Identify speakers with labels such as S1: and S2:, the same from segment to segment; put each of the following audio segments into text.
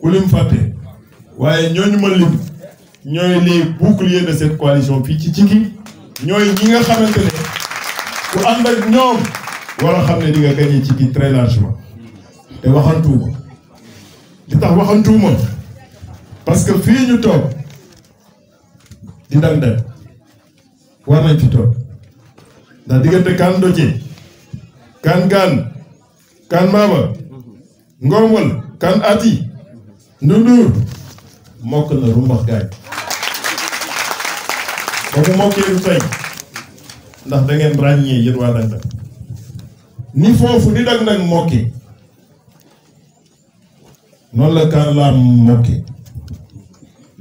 S1: kulim lim waye waaye ñooñu ma lim ñoy li bouclier de cette coalition fi ci Cikki ñoy ñi nga xamantene ku ànd ak ñoom wala xamne di nga gagné Cikki très largement te ko li tax mo parce que fi ñu tok di dal dal war nañ fi toog ndax diggante kan ci kan kan kan mama, ngomul kan ati Ndoundour mokk na rumbax gaay ba mu mokkee du tey ndax da ràññee yéen waa Dagana ni foofu di Dagana mokki noonu la Kaarlaam mokki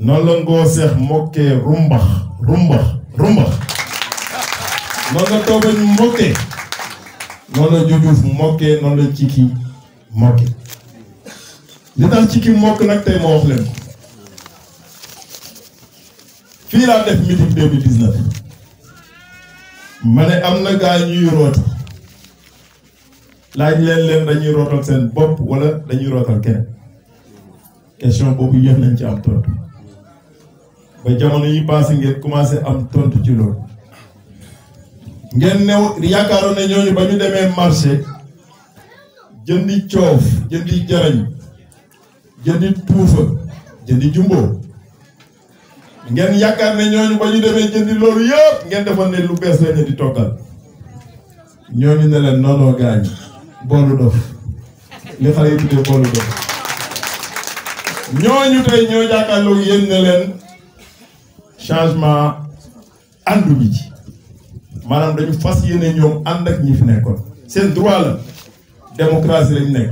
S1: noonu la Ngoo Seex mokkee rumbax rumbax rumbax la Toobañ mokkee noonu la Jujuuf mokkee noonu la Ciki mokkee li ci ki mokk nag tey moo wax leen fii laa def meeting 2019 ma ne am na gaa ñuy root laaj leen leen dañuy rootal seen bopp wala dañuy rootal kenn question boobu yéex nañ ci am tontu ba jamono yi passé ngeen commencé am tontu ci loolu ngeen new yaakaaroon ne ñooñu ba ñu demee marché jëndi coof jëndi jarañ jëndi tuufa jëndi jumbo ngeen yaakaar ne ñooñu ba ñu demee jëndi loolu yëpp ngeen defoon ne lu bees la di toggal ñooñu ne leen noonoo gaañ boolu dof li xale yi tuddee boolu dof ñooñu tey ñoo jàkkaarloo yéen ne leen changement àndu bi ci maanaam dañu fas yéene ñoom ànd ak ñi fi nekkoon seen droit la démocratie lañ nekk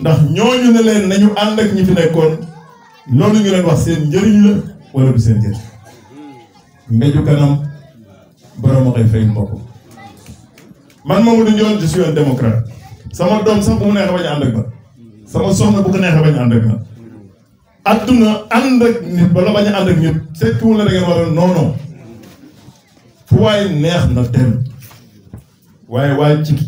S1: ndax ñooñu ne leen nañu ànd ak ñi fi nekkoon loolu ñu leen wax seen njëriñ la wala du seen njëriñ mbéju kanam borom koy fay mbokk man Mamadou Ndione je suis un démocrate sama doom sax bu mu neexee bañ ma sama soxna bu ko neexee bañ a ànd ak ma ànd ak nit wala bañ a ànd ak nit seetlu la da ngeen war a fu waaye neex na dem waaye waa ci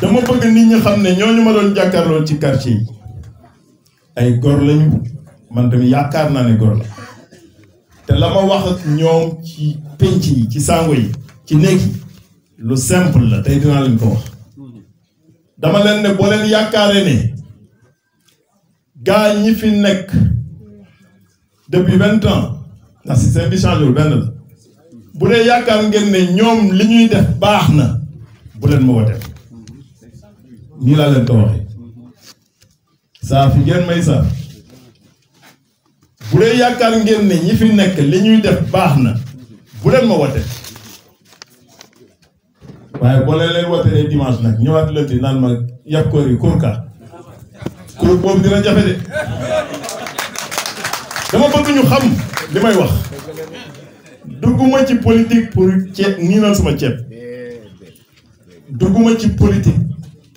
S1: dama bëgg nit ñi xam ne ñooñu ma doon jàkkaarloo ci quartier yi ay góor lañu man tamit yaakaar naa ne góor la te la ma wax ak ñoom ci penc yi ci sango yi ci néeg yi lu simple la tey dinaa leen ko wax dama leen ne boo leen yaakaaree ne gaa ñi fi nekk depuis vingt ans ndax système bi changé wul la bu dee yaakaar ngeen ne ñoom li ñuy def baax na bu leen ma woteel nii laa leen ko waxee saaf yi ngeen may saaf bu dee yaakaar ngeen ne ñi fi nekk li ñuy def baax na bu leen ma wote waaye boo leen leen wote dimanche nag ñëwaat lundi naan ma yàpp koor yi kurka boobu dina jafe de dama bëgg ñu xam li may wax dugguma ci politique pour ceeb nii naan sama ceeb dugguma ci politique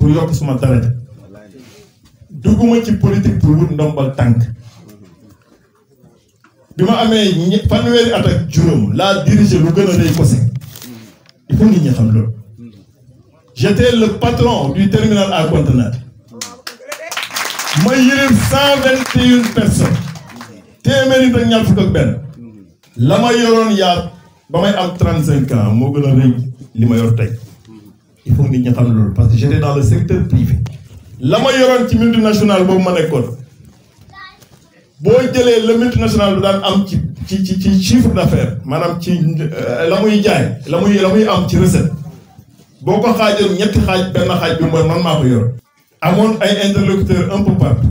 S1: pour yokk suma daraja dugguma ci politique pour ndombal tànk bi ma amee ñe fanweeri at ak juróom laa diriger lu gën a rëy Kossy il faut nit ñi loolu j'étais le patron du terminal à conteneurs ma yërëm cent vingt et une personnes téeméeri ak ñaar fukk ak benn la ma yoroon yaa ba may am trente ans moo gën a rëy li ma yor tey il faut nit ñi xam parce que j'étais dans le secteur privé la ma yoroon ci multinational boobu ma nekkoon boo jëlee le multinational bi daan am ci ci ci ci chiffre d'affaires maanaam ci euh, la muy jaay la muy la muy am ci recette boo ko xaajoon ñetti xaaj benn xaaj bi mooy man maa ko yor amoon ay interlocuteur un peu partout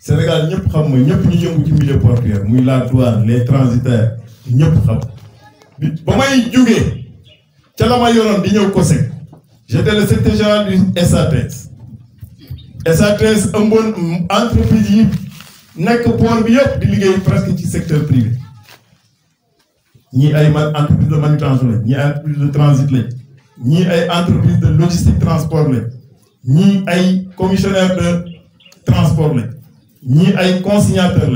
S1: Sénégal ñëpp xam ma ñëpp ñu yëngu ci milieu portuaire muy la douane les transitaires ñëpp xam ba may jógee ca la ma yoroon di ñëw COSEC J'étais le secrétaire général du SATS SATS une entreprise qui nekk port bi de di liggéey presque ci secteur privé ni ay entreprise de manutention ni ñii ay entreprise de transit n'y a ay entreprise de logistique transport ni pas ay commissionnaire de transport a pas ay consignateur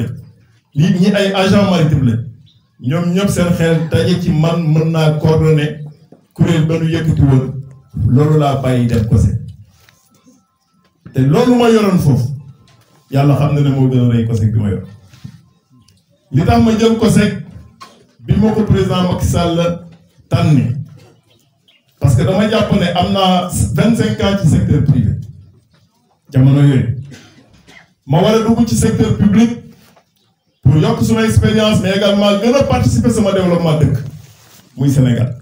S1: il n'y a ay agent maritime Nous avons des que xel ont ci man pour coordonner loolu laa bàyyi dem Kose te loolu ma yoroon foofu yàlla xam na ne moo gën a rëy Kose bi ma yor li tax ma jël Kose bi ma président Macky Sall tànni parce que dama jàpp ne am naa vingt cinq ans ci secteur privé jamono yooyu ma war a dugg ci secteur public pour yokk suma expérience mais également gën a participer sama développement dëkk muy Sénégal.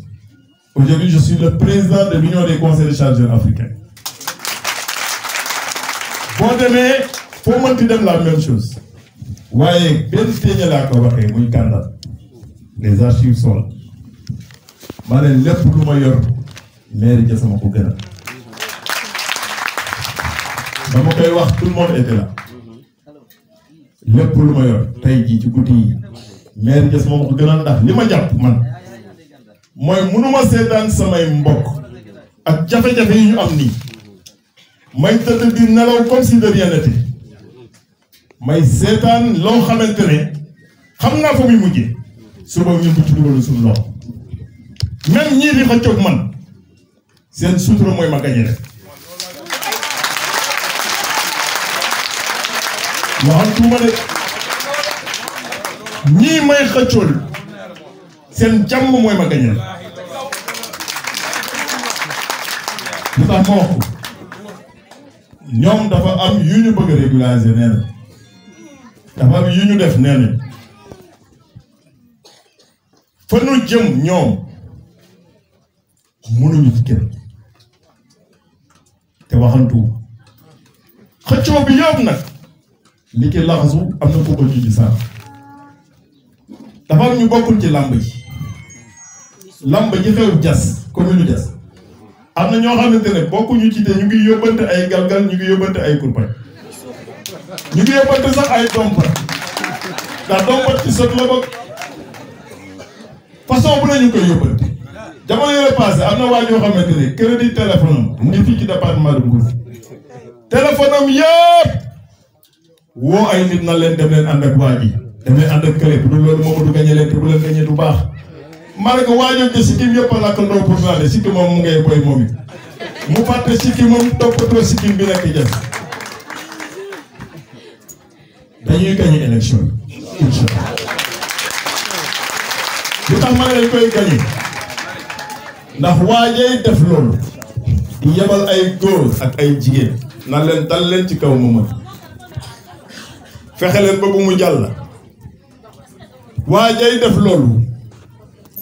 S1: Aujourd'hui, je suis le président de l'Union des conseils de chargeurs africains. boo demee faut mënti la même chose waaye benn téeñe la ko waxee muy les archives sont là ma le plus le ma yor suis ja sama ko gën a dama wax tout le monde était là Le plus ma yor tey jii ci guddi yi maire ja sama ko ndax man mooy mënuma seetaan samay mbokk ak jafe-jafe yi ñu am nii may tëdd di nelaw comme si de rien n'était may seetaan loo xamante ne xam naa fa muy mujjee suba ñu ko ci dugalu suñu loxo même ñii di xëccoog man seen sutura mooy ma gañe rek waxal tuuma de ñii may xëccool seen jàmm mooy ma gañe lu tax ma wax ñoom dafa am yu ñu bëgg a régulariser nee na dafa am yu ñu def nee na fa nu jëm ñoom mënuñu ci kenn te waxantu xëccoo bi yëpp nag li ki laxasu am na ko ko ci sax dafa am ñu bokkul ci làmb yi lamba ji xew Diass commune Diass am na ñoo xamante ne bokkuñu ci te ñu ngi yóbbante ay galgal ñu ngi yóbbante ay kurpañ ñu ngi yóbbante sax ay dompat ndax dompat ci sot la bokk façon bu ne koy yóbbante jamono yore passé am na waa ñoo xam ne crédit téléphone am ngi fii ci département de Mbour téléphone am woo ay nit na leen dem leen ànd ak waa ji dem leen ànd ak kële bu loolu moo ko du gañe leen bu leen gañe du baax ma ne que waajal sikkim yëpp a lakkandoo pour o sikkim moom mu ngay boy moom it mu fàtte sikkim moom toppatoo sikkim bi nekk jël dañuy gagné élection yi incha allah lu tax ma ne dañ koy gagné ndax waajay def loolu di yebal ay góor ak ay jigéen nan leen dal leen ci kaw mu mën fexe leen ba bu mu jàll waajay def loolu.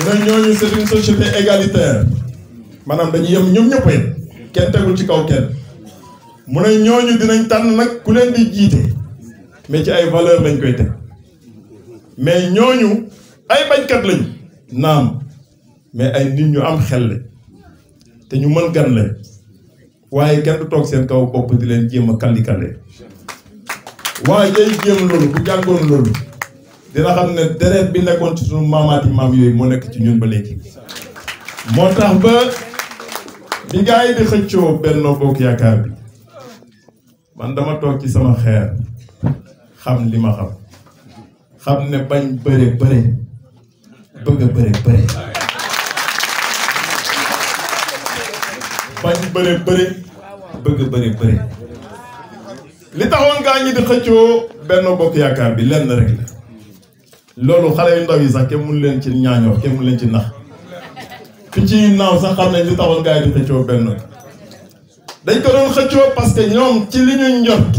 S1: mu ne ñooñu c'est une société égalitaire maanaam dañuy yem ñoom ñëpp yem kenn tegul ci kaw kenn mu ne ñooñu dinañ tànn nag ku leen di jiite mais ci ay valeur lañ koy teg mais ñooñu ay bañkat lañu naam mais ay nit ñu am xel lañ te ñu mën gan lañ waaye kenn du toog seen kaw bopp di leen jéem a kalli kalle waaye day jéem loolu bu jàngoon loolu dina xam ne deret bi nekkoon ci sunu maamaati maam yooyu moo nekk ci ñun ba léegi moo tax ba bi gars yi di xëccoo Benno Bokk Yaakaar bi man dama toog ci sama xeer xam li ma xam xam ne bañ bëre bëre bëgg a bëre bëre bañ bëre bëre bëgg a bëre bëre li taxoon gaa ñi di xëccoo Benno Bokk Yaakaar bi lenn rek la loolu xale yu ndaw yi sax kenn mun leen ci ñaañoo kenn mun leen ci nax fi ci naaw sax xam nañ li taxoon gars yi di xëccoo benn dañ ko doon xëccoo parce que ñoom ci li ñu njort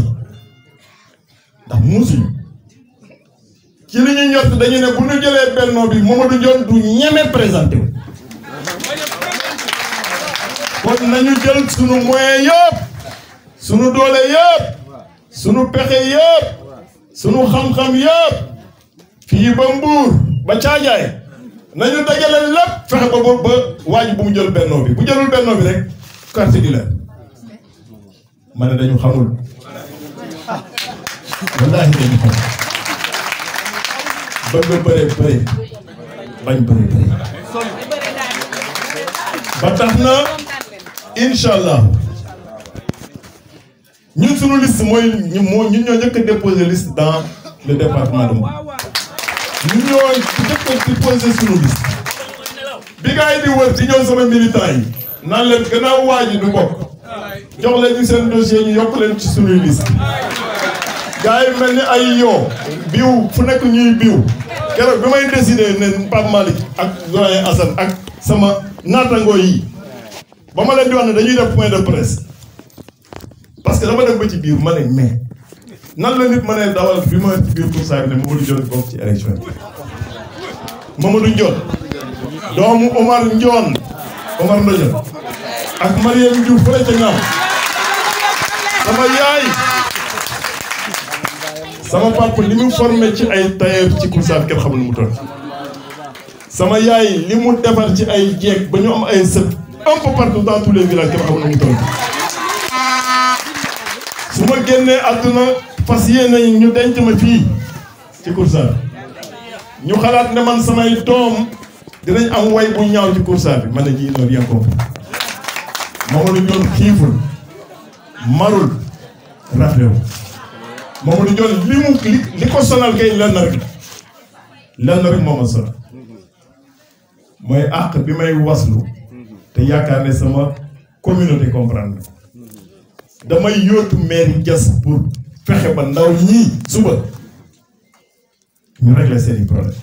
S1: ndax muusuñu ci li ñu njort dañu ne bu ñu jëlee benn bi Mamadou Ndione du ñeme présenté wu kon nañu jël sunu moyen yëpp sunu doole yëpp sunu pexe yëpp sunu xam-xam yëpp fii ba mbuur ba caajaay nañu dajale lépp fexe ba ba waaj bu mu jël bennoo bi bu jëlul bennoo bi rek quartier bi la ma ne dañu xamul wallaahi dañu xamul bëgg bëre bëre bañ bëre ba tax na ñun suñu liste mooy moo ñun ñoo déposé liste dans le département ñun ñoo njëkk di posé sunu bis bi gars yi di wër di ñëw sama militant yi naan leen gannaaw waa ji du bokk jox leen seen dossier ñu yokk leen ci sunuy liste gars yi mel ni ay yoo biw fu nekk ñuy biw keroog bi may décidé ne Pape ak doyen Assane ak sama naatangoo yi ba ma leen di wax ne dañuy def point de presse parce que dama dem ba ci biir ma ne mais nan la nit mënee dawal bi ma biir pour saag ne Mamadou Ndione bokk ci élection yi Mamadou doomu Omar Ndione Omar Ndione ak Mariam Diouf fële ca ñaam sama yaay sama papa li mu formé ci ay tailleur ci Koursar kenn xamul mu toll sama yaay li mu defar ci ay jeeg ba ñu am ay sët un peu partout dans tous les villages kenn xamul mu toll su ma génnee àdduna fas yéene ñu denc ma fii ci Koursar ñu xalaat ne man samay doom dinañ am way bu ñaaw ci Koursar bi man ne ji noonu yàqoo bi may waslu te yaakaar communauté comprendre damay yóotu maire Diass pour fexe ba ndaw ñii suba ñu régler seen i problème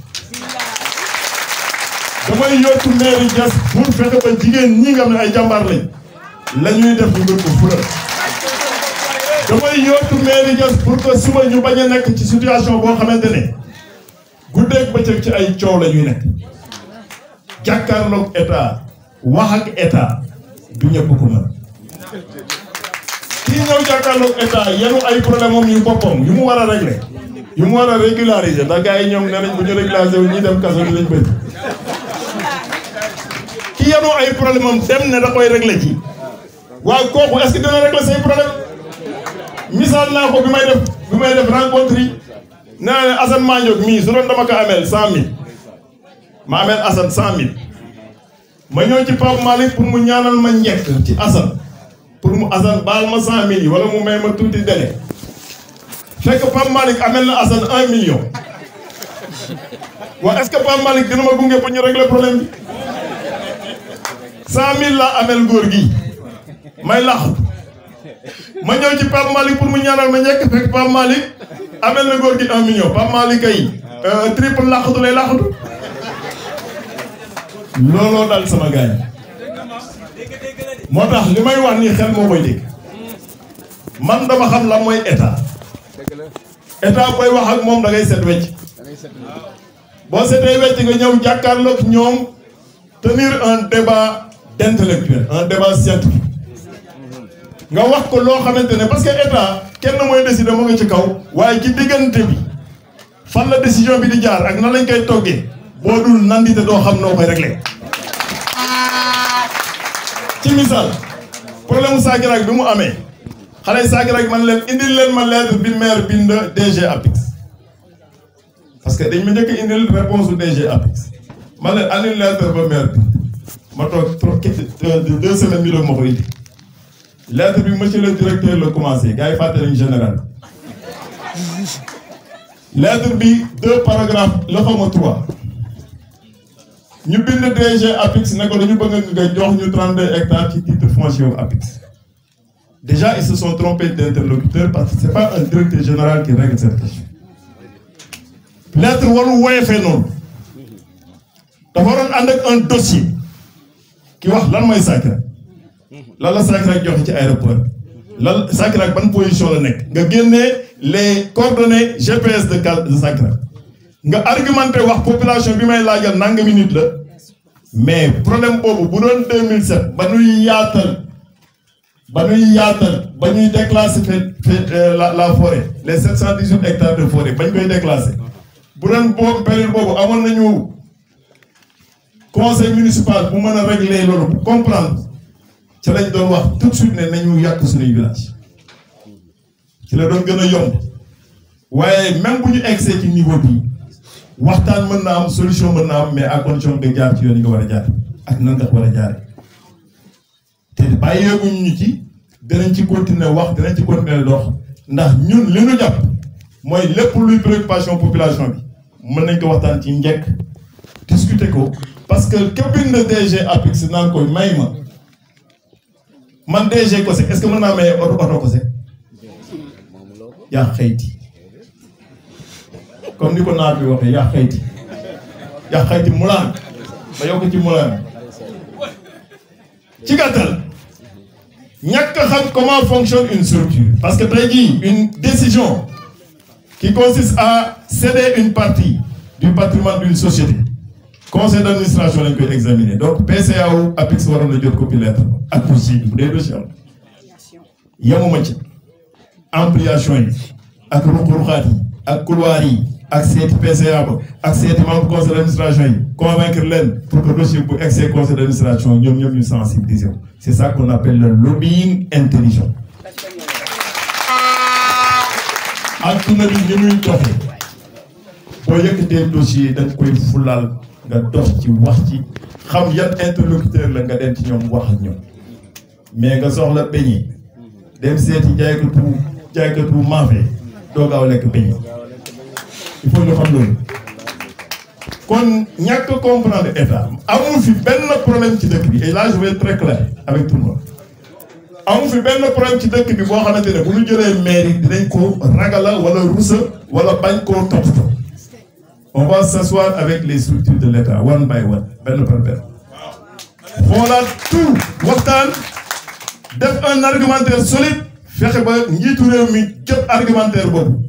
S1: damay yottu mairie Diass pour fexe ba jigéen ñi nga xam ne ay jàmbaar lañ def ñu gën fural damay yottu mairie Diass pour que suba ñu bañ a nekk ci situation boo xamante ne guddeeg bëccëg ci ay coow la nekk jàkkaarloog état wax ak état du ñëpp ko mën ñi ñëw ay problème moom yu a a régulariser ndax gars ñoom nee nañ bu ñu régulariser wu ñuy dem kaso bi lañ bëgg ki yenu ne da koy régler ci waaw kooku est-ce que dina problème misaal naa ko bi may def bi may def rencontre yi na ne Assane Mandiok mii su doon dama ko ameel cent mille ma ameel Assane cent mille ma ñëw ci Pape Malick pour mu ñaanal ma njëkk ci Assane pour mu un baal ma Voilà millions wala mu may ma délai fekk pam malik million est-ce que Pam malik dina ma pour ñu régler problème 100 000 amel ngor gi may ma ci pour mu ñaanal ma malik million malik malik euh, triple lay Lolo dal sama moo tax li may wax nii xel moo koy dégg man dama xam la mooy état état koy wax ak moom da ngay set wecc boo setee wecc nga ñëw jàkkaarloog ñoom tenir un débat d'intellectuel un débat scientifique nga wax ko loo xamante ne parce que état kenn mooy décider mu nga ci kaw waaye ci diggante bi fan la décision bi di jaar ak nan lañ koy toggee boo dul nandite doo xam noo koy réglé ci misaal problème mu Sakiraak bi mu amee xale yi man leen indil leen ma lettre bi maire bind DG APIX parce que dañ ma njëkk indil réponse DG APIX man leen andil lettre ba maire bi ma toog trop deux semaines mi doog ma ko indi bi monsieur le directeur la commencé gars yi fàtte nañu général lettre bi deux paragraphes la fa ma ñu bind DG APIX ne ko dañu bëgg nga jox ñu 32 hectares ci titre foncier wu APIX déjà ils se sont trompés d'interlocuteur parce que c'est pas un directeur général qui règle cette question lettre waru woyefee noonu dafa waroon ànd ak un dossier ki wax lan mooy Sacré lan la Sacré joxe ci aéroport lan Sacré ban position la nekk nga génnee les coordonnées GPS de Sacré nga argumenté wax population bi may laajal nangami nit la mais problème boobu bu doon 2007 ba nuy yaatal ba nuy yaatal ba ñuy déclasser euh, la la forêt les 718 hectares de forêt ba ñu koy déclasser bu doon boobu période boobu amoon nañu conseil municipal bu mën a régler loolu bu comprendre ci lañ doon wax tout de suite ne nañu yàq suñuy village ci la doon gën a yomb waaye même bu ñu egsee ci niveau bi. waxtaan mën na am solution mën na am mais à condition nga jaar ci yoon yi nga war ak nan nga war a ñu ci danañ ci continuer wax danañ ci continuer dox ndax ñun li ñu jàpp mooy luy préoccupation population bi nañ ko waxtaan ci discuter ko parce que de DG koy may man DG COSEC est-ce que mën naa may comme ni ko naat bi ya yaa ya yaa xayti ba ma yokk ci mulaan ci gatal ñak xam comment fonctionne une structure parce que tay dit, une décision qui consiste à céder une partie du patrimoine d'une société conseil d'administration lañ koy examiner donc PCA Apex APIX waroon na jot copie lettre ak poursuite bu dee dossier am ci ampliation yi ak ruq yi ak couloir yi ak seeti PCA ba ak seeti membre conseil d'administration convaincre leen pour que dossier bu excès conseil d'administration ñoom ñoom ñu sensibiliser wu c'est ça qu'on appelle le lobbying intelligent adduna bi ni muy doxee boo yëkkatee dossier da nga koy fulaal nga dox ci wax ci xam yan interlocuteur la nga dem ci ñoom wax ak ñoom mais nga soxla beñi dem seeti jaaykatu jaaykatu maafe doo gaaw lekk beñi il faut ñu xam Quand kon ñàkk comprendre état amul fi benn problème ci dëkk bi et là je vais être très clair avec tout le monde amul fi benn problème ci dëkk bi boo xamante ne bu ñu jëlee mairie dinañ ko ragala wala rusa wala bañ koo toppatoo on va s'asseoir avec les structures de l'État one by one benn par benn xoolaat tout waxtaan def un argumentaire solide Faire ba njiitu réew mi jot argumentaire boobu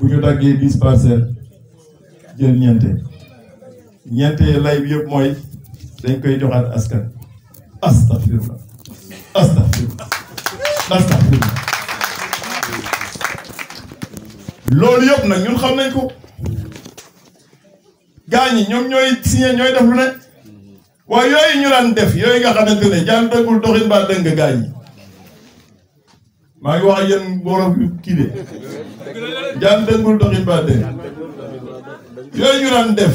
S1: bu ñu daggee dix parcelles jël ñeente ñeente lay bi yëpp mooy dañ koy joxaat askan astafirullah loolu yëpp nag ñun xam nañ ko gaa ñi ñoom ñooy signé ñooy def lu ne waaye yooyu ñu daan def yooyu nga xamante ne jaan dëggul doxin baa dëng gaa ñi maa ngi wax ak borom yu kii de jaan dëngul doxin ba de yooyu ñu daan def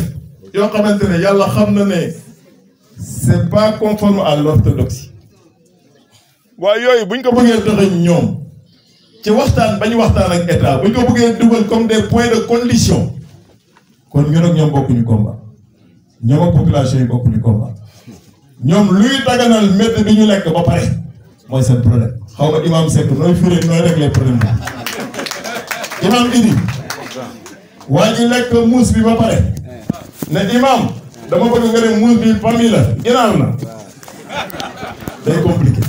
S1: yoo xamante ne yàlla xam na ne c'est pas conforme à l'orthodoxie waaye yooyu buñ ko bëggee doxañ ñoom ci waxtaan bañ waxtaan ak état buñ ko bëggee dugal comme des points de condition kon ñun ak ñoom bokkuñu combat ñoom ak population yi bokkuñu combat ñoom luy daganal métti bi ñu lekk ba pare mooy seen problème xaw ma imaam Seck nooy firé nooy réglé problème ji lekk muus bi ba pare ne imaam dama bëgg nga ne muus bi famille la na day compliqué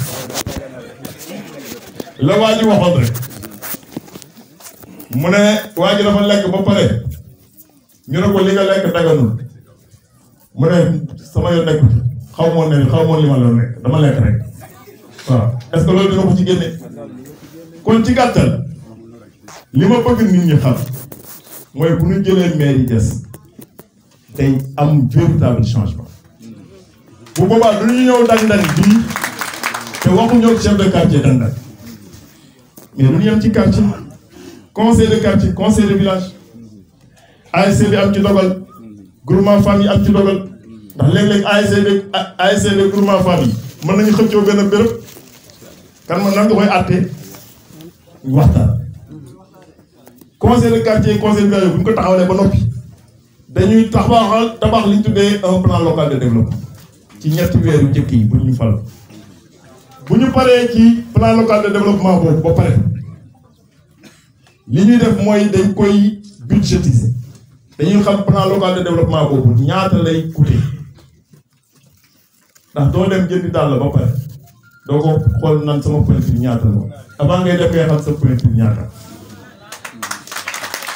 S1: la waa ji waxoon rek mu ne waa ji dafa lekk ba pare ñu ne ko li nga lekk daganul mu ne sama yoon nekk xaw ma ne xaw ma woon li dama lekk rek. est-ce que loolu dina ko ci génne kon ci gàttal li ma bëgg nit ñi xam mooy bu ñu jëlee maire yi des day am véritable changement bu boobaa du ñu ñëw Ndang-Ndang bii te waxuñoo chef de quartier Ndang-Ndang mais du ñu yem ci quartier conseil de quartier conseil de village ASC bi am ci dogal groupement famille am ci dogal ndax léeg-léeg ASC bi ASC groupement famille mën nañu xëccoo benn béréb kan man lan nga koy àttee waxtaan conseil de quartier conseil de village bu ñu ko taxawalee ba noppi dañuy tabaxal tabax li ñu un plan local de développement ci ñett wéru njëkk yi bu ñu fal bu ñu paree ci plan local de développement boobu ba paré li ñuy def mooy dañ koy budgétiser dañuy xam plan local de développement boobu ñaata lay coûter ndax doo dem jëndi dàll ba pare. doo ko xool nan sama politique ñaata la avant ngay def ngay xam sa politique ñaata.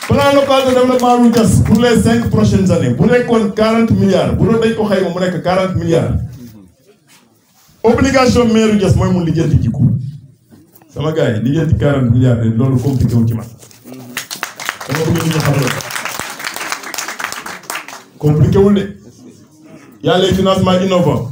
S1: plan local de développement bu Diass pour les cinq prochaines années bu nekkoon quarante milliards bu doon dañ ko xayma mu nekk quarante milliards. obligation maire Diass mooy mu lijjanti jikko sama gars yi lijjanti quarante milliards de loolu compliqué wu ci man. dama bëgg ñu xam loolu. compliqué wul de. y a les financements innovants.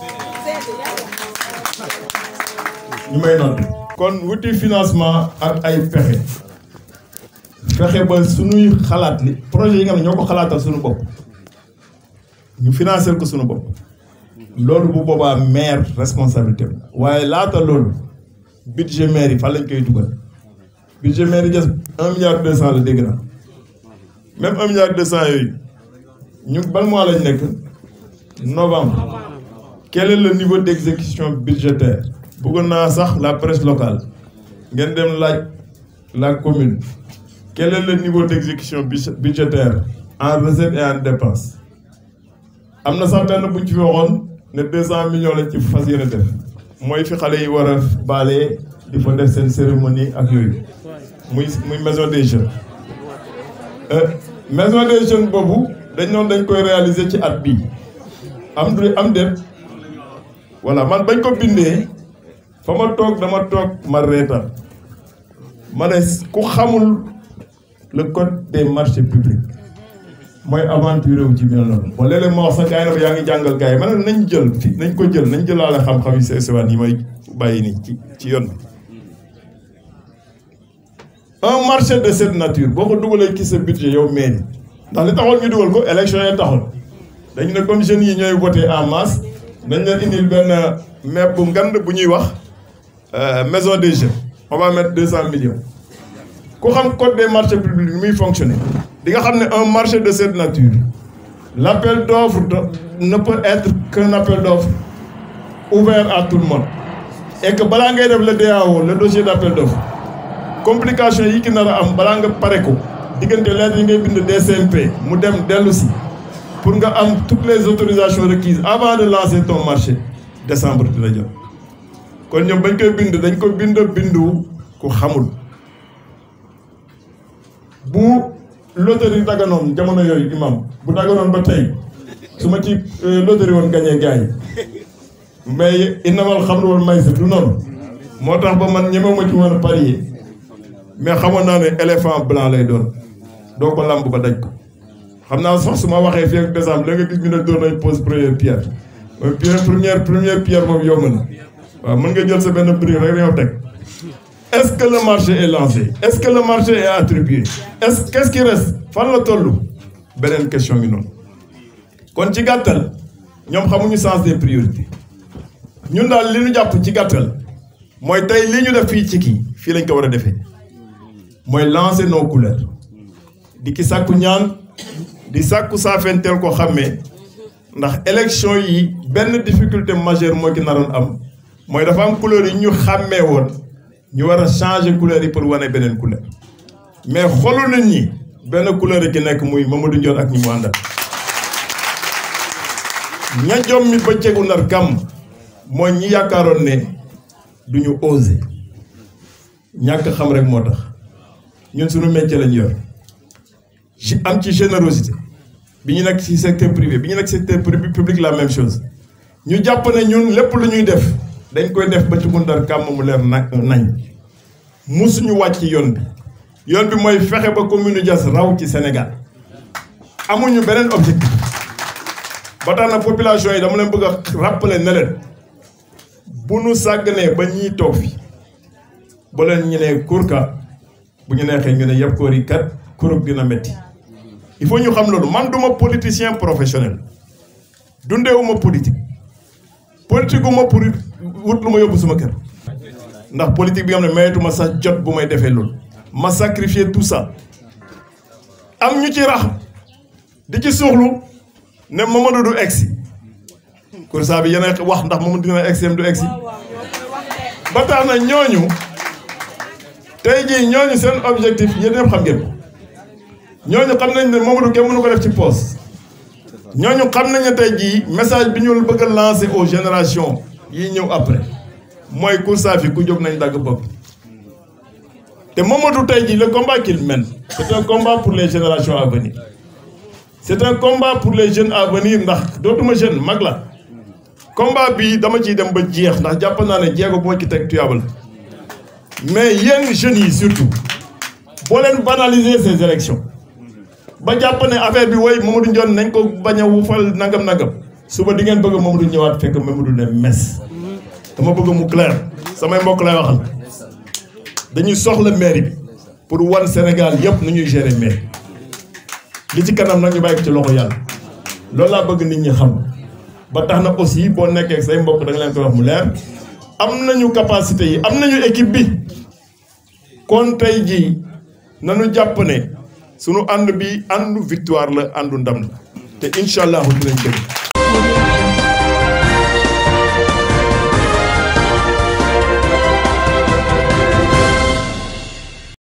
S1: Kon wuti financement ak ay fexé fexé ba suñuy xalaat ni projet yi nga ñoko xalaata suñu bop ñu financer ko suñu bop lolu bu boba maire responsabilité waye laata lolu budget maire fa lañ koy duggal budget maire jess 1 milliard 200 la na même 1 milliard 200 ñu bal mois lañ nek novembre quel est le niveau d'exécution budgétaire bëggoon naa sax la presse locale ngeen dem laaj la commune quel est le niveau d'exécution budgétaire en recette et en dépenses am na sax benn bu ci waxoon ne deux millions la ci fas yéene def mooy fi xale yi war a baalee di fa def seen cérémonie ak yooyu muy muy maison des jeunes euh, maison des jeunes boobu dañ non dañ koy réaliser ci at bi am du am déet voilà man bañ ko bindee fama tok dama tok ma retal mané ku xamul le code des marchés publics moy aventure wu ci mel non bo lele mo ma wax sax gars yi nag yaa ngi jàngal gars nañ jël nañ ko jël nañ jëlale xam-xam yi CCW yi may bayyi ni ci ci yoon un marché de cette nature boko dougalé dugalee ci sa budget yow mairie ndax li taxoon ñu dougal ko élection ya yi taxoon dañ na comme jeune yi ñoy voter en masse nañ leen indil ben meeb bu ngand bu ñuy wax. Euh, maison des jeunes on va mettre 200 millions Quand le code des marchés publics fonctionne, fonctionner on un marché de cette nature L'appel d'offres ne peut être qu'un appel d'offres ouvert à tout le monde et que le DAO le dossier d'appel d'offres, complication yi ki n'a pas am balaa nga ko de DCMP mu dem pour nga toutes les autorisations requises avant de lancer ton marché décembre kon ñoom bañ koy bind dañ ko bind bindu ku xamul bu loterie daganoon jamono yooyu imam bu daganoon ba tey su ma ci euh, loterie woon gañee gaañ mais innamal xamru wal maysir du noonu moo tax ba man ñemewuma ci woon parier mais xamoon naa ne éléphant blanc lay doon doo ko lamb ba daj ko xam naa sax su ma waxee fii ak décembre la nga gis ñu ne doon nañ pose première pierre première première pierre moom yomb na waaw mën nga jël sa benn prix rek yow teg est-ce que le marché est lancé est-ce que le marché est attribué est-ce qu'est-ce qui reste fan la toll beneen question bi noonu kon ci gàttal ñoom xamuñu sens des priorités ñun daal li ñu jàpp ci gàttal mooy tey li ñu def fii ci kii fii lañ ko war a defee mooy lancer nos couleurs di ki sàkku ñaan di sàkku saafenteel ko xàmmee ndax élection yi benn difficulté majeure moo ki naroon am mooy dafa am couleur yi ñu xàmmee woon ñu war a changer couleur yi pour wane beneen couleur mais xolu nit ñi benn couleur yi ki nekk muy Mamadou Ndione ak ñu mu àndal ña jom mi bëccëgu nar gàmm mooy ñi yaakaaroon ne du ñu osé ñàkk xam rek moo tax ñun sunu métier lañ yor ci am ci générosité bi ñu nekk ci secteur privé bi ñu nekk secteur public la même chose ñu jàpp ne ñun lépp lu ñuy def dañ koy def ba ci gundar kàmm mu leer na nañ musuñu wàcc yoon bi yoon bi mooy fexe ba commune Diass raw ci senegal amuñu beneen objectif ba tax na population yi dama leen bëgg a rappeler ne leen bu nu sàgganee ba ñiy toog fi bu leen ñu nee kurka bu ñu neexee ñu ne yëpp koor yi kat kurub dina métti il faut ñu xam loolu man duma politicien professionnel dundeewuma politique politique uma wut ma kër ndax politique bi nga xam ne mayetuma sax jot bu may defee loolu ma sacrifier tout ça am ñu ci rax di ci suuxlu ne Mamadou du bi wax ndax Mamadou dina du ba na ñooñu tey jii ñooñu seen objectif yéen ñëpp xam ngeen ko xam nañ ne Mamadou kenn mënu ko def ci poste ñooñu xam nañ ne tey message bi ñu bëgg lancer aux générations yi ñëw après mooy Koursaafi ku jóg nañ dagg bopp te Mamadou tey jii le combat qu'il mène c'est un combat pour les générations à venir c'est un combat pour les jeunes à venir ndax dootuma jeune mag la combat bi dama ciy dem ba jeex ndax jàpp naa ne jeego boo ci teg tuyaaba la mais yéen jeunes surtout boo leen banaliser ces élections ba jàpp ne affaire bi way Mamadou ndion nañ ko bañ a wufal nangam-nangam suba di ngeen bëgg moom du ñëwaat fekk même du ne mes dama bëgg mu clair samay mbokk lay waxal dañuy soxla mairie bi pour wan Sénégal yëpp nu ñuy gérer mairie li ci kanam nag ñu bàyyi ko ci loxo yàlla loolu laa bëgg nit ñi xam ba tax na aussi boo nekkee ak say mbokk da leen koy wax mu leer am nañu capacité yi am nañu égipe bi kon tey jii nanu jàpp ne sunu ànd bi àndu victoire la àndu ndam la te incha allahu dinañ dëgg Thank you.